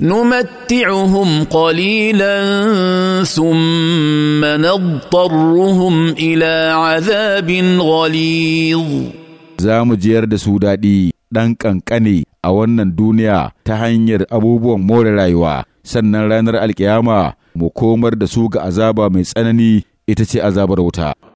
نمتعهم قليلا ثم نضطرهم الى عذاب غليظ za mu jiyar da su daɗi ɗan ƙanƙane a wannan duniya ta hanyar abubuwan more rayuwa sannan ranar alkiyama mu komar da su ga azaba mai tsanani ita ce azabar wuta